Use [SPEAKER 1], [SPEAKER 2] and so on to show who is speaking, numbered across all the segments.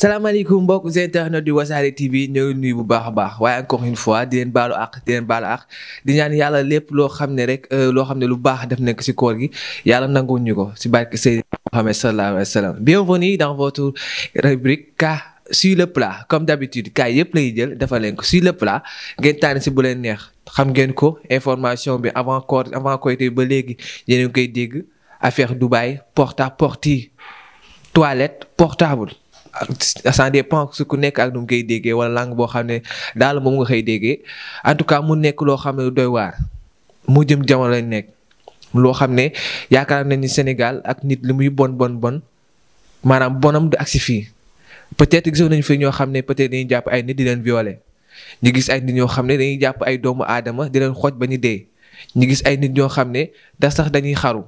[SPEAKER 1] salaamaaleykum mbokk internet di wasaare TV ñoo nuyu bu baax a baax waaye encore une fois di leen baalu àq di leen di ñaan yàlla lépp loo xam ne rek euh, loo xam ne lu baax def nekk ci koor gi yàlla nanguwul ñu ko si barke Seydina Mohamed sallallahu alayhi wa sallam bienvenue dans votre rubrique K sur le plat comme d'habitude kaa yëpp lay jël defal leen ko sur le plat ngeen tànn si bu leen neex xam ngeen ko information bi avant koor avant Korité ba léegi yéen a ngi koy dégg affaire Dubaï porte à porte toilette portable. ça dépend su ku nekk ak nu mu koy déggee wala langue boo xam ne daal moom nga koy déggee en tout cas mu nekk loo xam ne doy waar mu jëm jamono lañ nekk loo xam ne yaakaar nañ ni Sénégal ak nit li muy bon bon bon maanaam bonam du agsi fii peut-être gisoon nañ fi ñoo xam ne peut-être dañuy jàpp ay nit di leen violer ñu gis ay nit ñoo xam ne dañuy jàpp ay doomu aadama di leen xooj ba ñu dee ñu gis ay nit ñoo xam ne da sax dañuy xaru.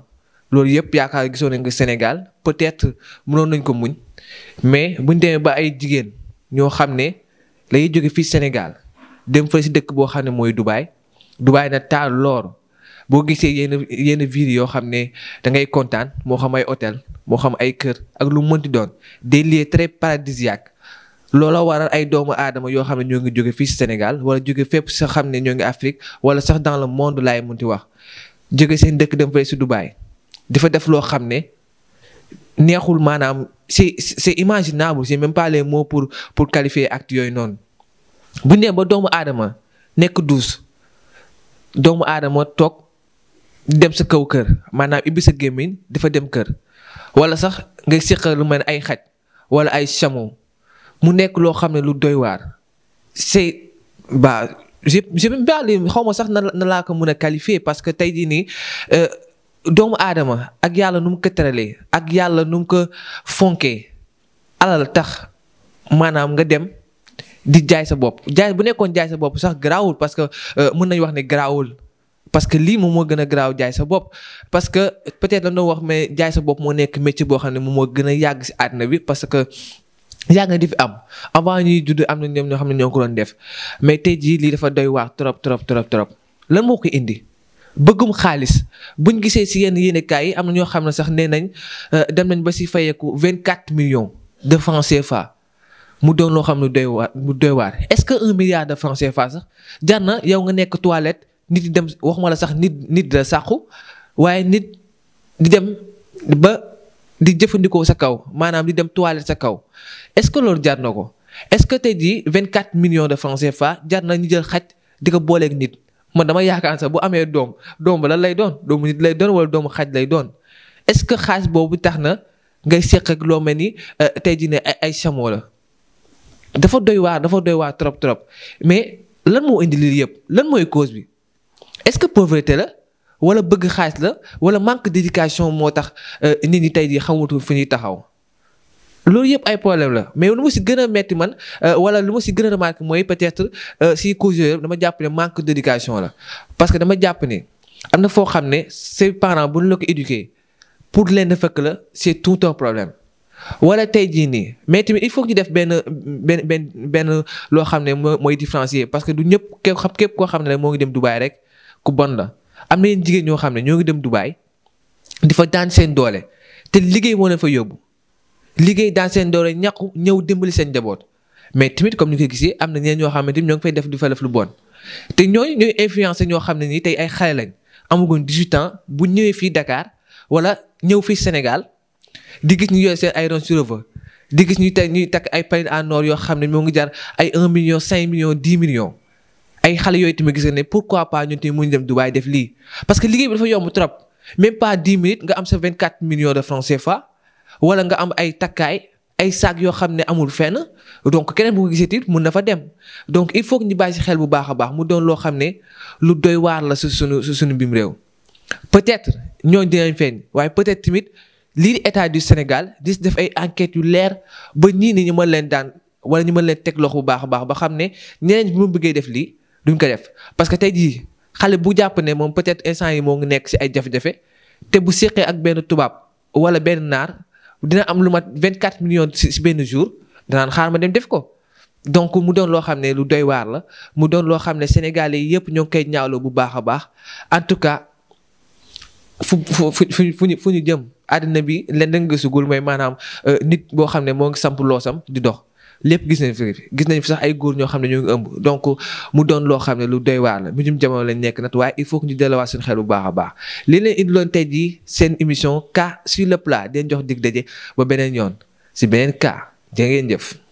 [SPEAKER 1] loolu yëpp yaakaar gisoon nañ ko Sénégal peut-être mënoon nañ ko muñ mais buñ demee ba ay jigéen ñoo xam ne lay jóge fii Sénégal dem fa si dëkk boo xam ne mooy Dubaï Dubaï na taal loor boo gisee yenn yenn ville yoo xam ne da ngay kontaan moo xam ay hôtel moo xam ay kër ak lu mënti doon des lieux très paradisiaques loola waral ay doomu aadama yoo xam ne ñoo ngi jóge fii si Sénégal wala jóge fépp sa xam ne ñoo ngi Afrique wala sax dans le monde laay mënti wax jóge seen dëkk dem fay si Dubaï. dafa def loo xam ne neexul maanaam c'est c'est imaginable c'est même pas moo pour pour qualifier acte yooyu noonu bu nee ba doomu aadama nekk douce doomu aadama toog dem sa kaw kër maanaam ibbi sa gémmiñ dafa dem kër walla sax nga séqal lu mel ay xaj wala ay chameau mu nekk loo xam ne lu doy waar se bah se baa même pas xaw ma sax na na laa ko mën a qualifier parce que tey jii nii euh, doomu aadama ak yàlla nu mu ko tëralee ak yàlla nu ko fonkee alal tax maanaam nga dem di jaay sa bopp jaay bu nekkoon jaay sa bopp sax garaawul parce que euh, mën nañu wax ne garaawul parce que lii moom moo gën a garaaw jaay sa bopp parce que peut-être dañoo wax mais jaay sa bopp moo nekk métier boo xam ne moom moo gën a yàgg si àddina bi parce que yàgg na di fi am avant ñuy judd am na ñoom ñoo xam ne ñoo ko doon def mais tey jii lii dafa doy waax trop trop trop trop lan moo ko indi. bëggum xaalis buñ gisee si yenn yéenekaay yi am na ñoo xam ne sax nee nañ euh, dem nañ ba si fayeeku vingt quatre millions de francs CFA mu doon loo xam ne doy waar mu est-ce que un milliard de francs CFA sax jar na yow nga nekk toilette nit di dem waxuma la sax nit nit la sàqu waaye nit di dem ba di jëfandikoo sa kaw maanaam di dem toilette sa kaw est-ce que loolu jar na ko est-ce que tey ji vingt quatre million de francs CFA jar na ñu jël xaj di ko booleeg nit. man dama yaakaar sax bu amee doom doom ba lan lay doon doomu nit lay doon wala doomu xaj lay doon est-ce que xaalis boobu tax na ngay seq ak loo mel ni euh, tey jii ne ay ay chameau la dafa doy waa dafa doy waa trop trop mais lan moo indi lii yëpp lan mooy cause bi est-ce que pauvreté la wala bëgg xaalis la wala manque d'éducation moo tax euh, nit ñi tey jii xamutu fi ñuy taxaw. loolu yëpp ay problème la mais lu ma si gën a metti man euh, wala lu ma si gën a remarqué mooy peut-être euh, si cause dama jàpp ne manque d'éducation la parce que dama jàpp ni am na foo xam ne ses parents bu ñu la ko éduquer pour leen fekk la c'est tout un problème wala tey jii nii mais tamit il faut que def benn benn benn benn loo xam ne mooy différencier parce que du ñëpp képp képp koo xam ne moo ngi dem Dubaï rek ku bon la am na yeneen jigéen ñoo xam ne ñoo ngi dem Dubaï di fa daan seen doole te liggéey moo ne fa yóbbu. liggéey daan seen doole ñaqu ñëw dimbali seen njaboot mais tamit comme ni ko gisee am na ñeen ñoo xamante ni ñoo ngi fay def di fa def lu bon te ñooñu ñooy influencé ñoo xam ne nii tey ay xale lañ amaguñ 18 ans bu ñëwee fii Dakar wala ñëw fii Sénégal di gis ñu yore seen ay ron sur di gis ñuy teg ñuy takk ay pain en or yoo xam ne moo ngi jar ay 1 million 5 million 10 millions ay xale yooyu tamit gis nga ne pourquoi pas ñun tamit mu ñu dem Dubaay def lii parce que liggéey bi dafa yomb trop même pas 10 minutes nga am sa 24 millions de francs CFA. wala nga am ay takkaay ay saag yoo xam ne amul fenn donc keneen bu ko gisati mun na fa dem donc il faut que ñu bàyyi si xel bu baax a baax mu doon loo xam ne lu doy waar la su sunu su sunu bim réew. peut-être ñooñu dinañ feeñ waaye peut-être tamit lii di état du Sénégal di def ay enquêtes yu leer ba ñii ni ñu mën leen daan wala ñu mën leen teg loxo bu baax a baax ba xam ne ñeneen bi mu bëggee def lii duñ ko def parce que tey jii xale bu jàpp ne moom peut-être instant yi moo ngi nekk si ay jafe-jafe te bu séqee ak benn tubaab wala benn naar. dina am lu mat vingt quatre millions si benn jour danaan xaar ma dem def ko. donc mu doon loo xam ne lu doy waar la mu doon loo xam ne sénégal yëpp ñoo ngi koy ñaawloo bu baax a baax en tout cas fu fu fu ñu fu ñu jëm àddina bi lenn nga gisugul mooy maanaam euh, nit boo xam ne moo ngi samp loosam di dox. lépp gis nañ fi gis nañ fi sax ay góor ñoo xam ne ñoo ngi ëmb donc mu doon loo xam ne lu doy waar la mujjum jamono lañ nekk nag waaye il faut que ñu delluwaat suñu xel bu baax a baax li leen indiloon tey jii seen émission cas si le laa den jox dig daje ba beneen yoon si beneen kaa jërë ngeen